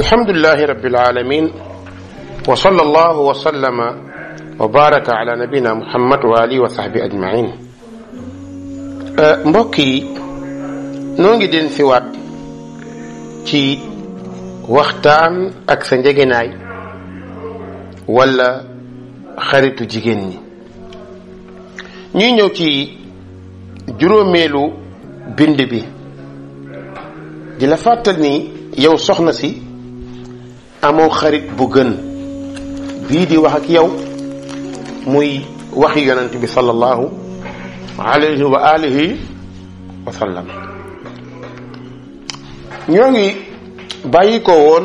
alhamdulillahi rabbil alamin wa sallallahu wa sallama wa baraka ala nabina muhammad wa alihi wa sahbi ajmain eh, mbokk yi noo ngi den ci waxtaan ak sa njegenaay wala xaritu jigéen ñi ñuy ñëw ci juróomeelu bind bi di la fàttal ni yow soxna si amoo xarit bu gën bii di wax ak yow muy waxi yonent bi sallallahu alayhi wa alihi wa sallam ñoo ngi bàyyi ko woon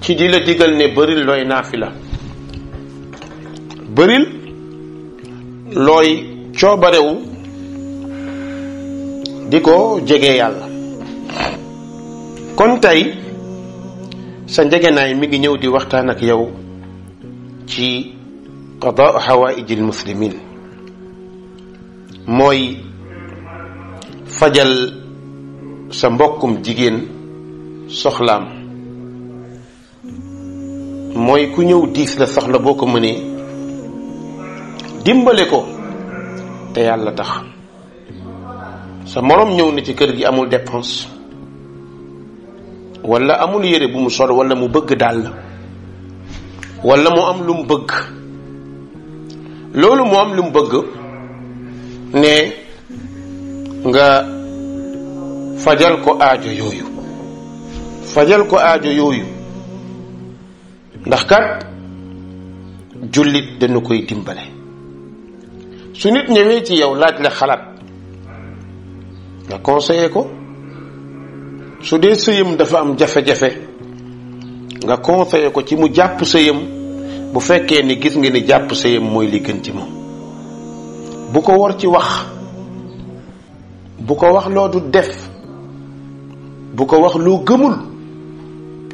ci di la digal ne bëril looy naafila bëril looy coobarewu di ko jege yàlla kon tey sa njegenaay mi ngi ñëw di waxtaan ak yow ci qadaa xawaaijil muslimin mooy fajal sa mbokkum jigéen soxlaam mooy ku ñëw diis la soxla boo ko mënee dimbale ko te yàlla tax sa moroom ñëw na ci kër gi amul dépense wala amul yére bu mu sol wala mu bëgg dàll wala mu am lu mu bëgg loolu mu am lu bëgg ne nga fajal ko aajo yooyu fajal ko aajo yooyu ndax kat jullit dañu koy dimbale su nit ñëwee ci yow laaj la xalaat nga conseillé ko su dee sëyam dafa am jafe-jafe nga conseillé ko ci mu jàpp sëyam bu fekkee ni gis nga ni jàpp sëyam mooy li moom bu ko war ci wax bu ko wax loo du def bu ko wax loo gëmul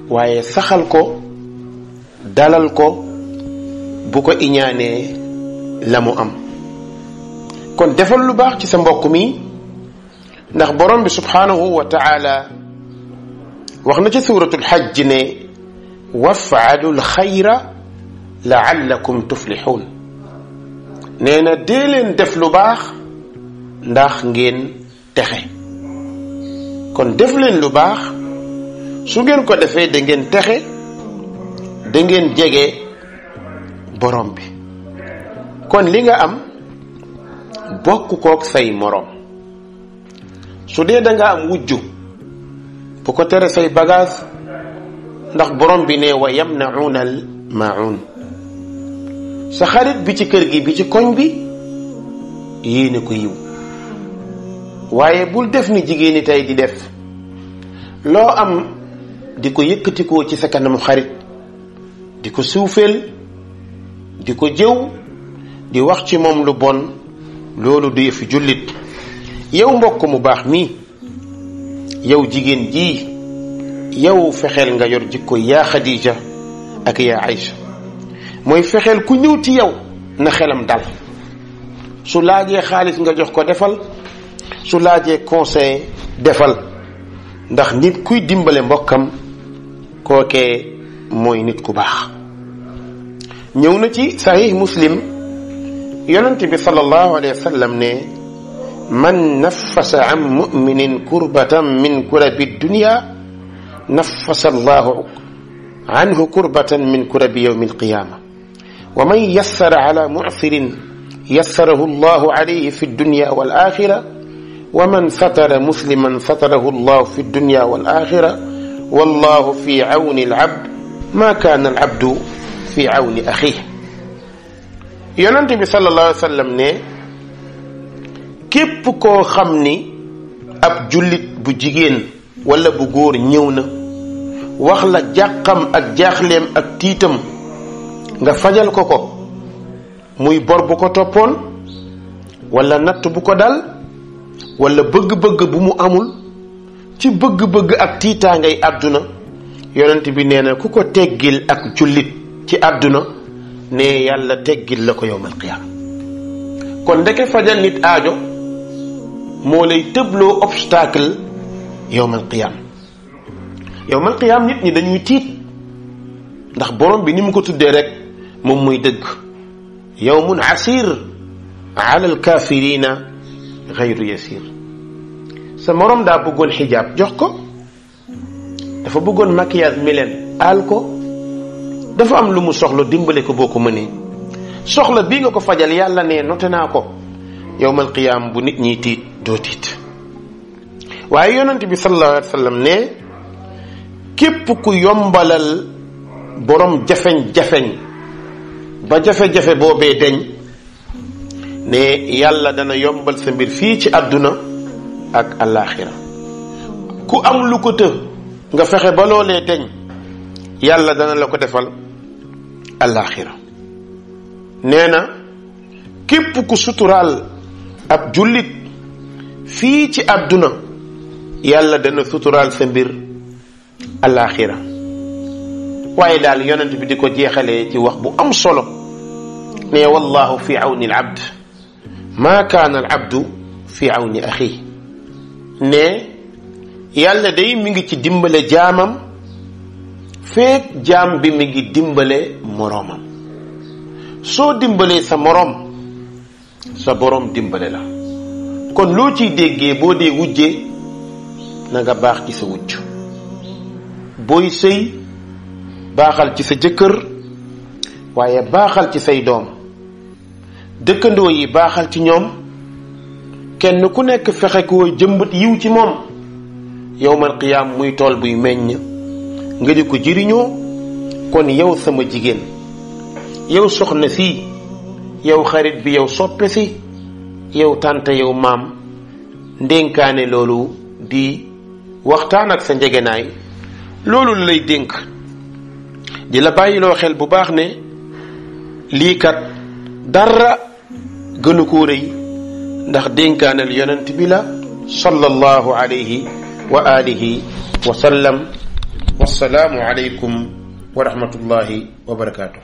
waaye saxal ko dalal ko bu ko iñaanee la mu am kon defal lu baax ci sa mbokk mi ndax borom bi subhanahu wa wax na ci suuratul xajj ne wafaalul xayra laallakum tuflixuun nee na dee leen def lu baax ndax ngeen texe kon def leen lu baax su ngeen ko defee da ngeen texe da jege borom bi kon li nga am bokk kook say moroom su dee da nga am wujju bu ko tere say bagage ndax borom bi ne wa yamnauna al maun sa xarit bi ci kër gi bi ci koñ bi yéene ko yiw waaye bul def ni jigéen ñi tey di def loo am di ko yëkkatikoo ci sa kanamu xarit di ko suufeel di ko jëw di wax ci moom lu bon loolu du yëfi jullit yow mbokk mu baax mii yow jigéen jii yow fexeel nga yor jikko yaa Xadija ak yaa Aïcha mooy fexeel ku ñëw ci yow na xelam dal su laajee xaalis nga jox ko defal su laajee conseil defal ndax nit kuy dimbale mbokkam kookee mooy nit ku baax ñëw na ci sahih muslim yonent bi sallallahu alayhi wa ne man naffasa an muminin kurbatan min kurabi dunia naffasa allahu anhu kurbatan min kurabi yowmi alqiyama wa man yassara ala mucsirin yassarahu allahu alayhi fi dunia wal axira wa man satara musliman satarahu allahu fi dunia wal axira wallahu fi awni alabd ma kaana alabdu fi awni axiih yonent bi sallallahu alayhi wa sallam ne képp koo xam ni ab jullit bu jigéen walla bu góor ñëw na wax la jàqam ak jaaxleem ak tiitam nga fajal ko ko muy bor bu ko toppoon wala natt bu ko dal wala bëgg-bëgg bu mu amul ci bëgg-bëgg ak tiitaangay àdduna yonent bi nee na ku ko teggil ak jullit ci àdduna ne yàlla teggil la ko yowmal qiyaama kon ndeke fajal nit aajo moo lay tëbloo obstacle yowmal qiyaam yowmal qiyaam nit ñi dañuy tiit ndax borom bi ni mu ko tuddee rek moom muy dëgg yowmun asir ala alkafirina gayru yasir sa morom daa bëggoon xijaab jox ko dafa bëggoon maquillage mi leen aal ko dafa am lu mu soxla dimbale ko boo ko mënee soxla bii nga ko fajal yàlla ne noté naa ko yowmal qiyaam bu nit ñiy tiit doo waaye yonent bi sallallahu alayhi wa ne képp ku yombalal borom jafeñ-jafeñ ba jafe-jafe boobee deñ ne yàlla dana yombal sa mbir fii ci àdduna ak àllaaxira ku am lu ko të nga fexe ba loolee deñ yàlla dana la ko defal àllaaxira nee na képp ku suturaal ab jullit fii ci adduna yàlla dana suturaal sa mbir alaaxira waaye daal yonent bi di ko jeexalee ci wax bu am solo ne wallahu fi awni al abd maa kaana al abdu fi awni axi ne yàlla day mi ngi ci dimbale jaamam feek jaam bi mi ngi dimbale moroomam soo dimbalee sa moroom sa boroom dimbale la kon loo ciy déggee boo dee wujje na baax ci sa wujj booy sëy baaxal ci sa jëkkër waaye baaxal ci say doom dëkkandoo yi baaxal ci ñoom kenn ku nekk fexe koo jëmbat yiw ci moom yowmal qiyaam muy tool buy meññ nga di ko jëriñoo kon yow sama jigéen yow soxna si yow xarit bi yow soppe si yow tànta yow maam dénkaane loolu di waxtaan ak sa njegenaay loolu lay dénk di la bàyyiloo xel bu baax ne lii kat dara gënu ko rëy ndax dénkaanal yonent bi la sallallahu alayhi wa alihi wa sallam wassalaamu wa rahmatullahi wa barakaatu.